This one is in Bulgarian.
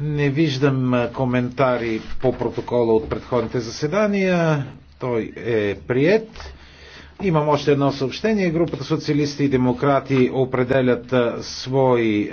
Не виждам коментари по протокола от предходните заседания. Той е прият. Имам още едно съобщение. Групата социалисти и демократи определят свои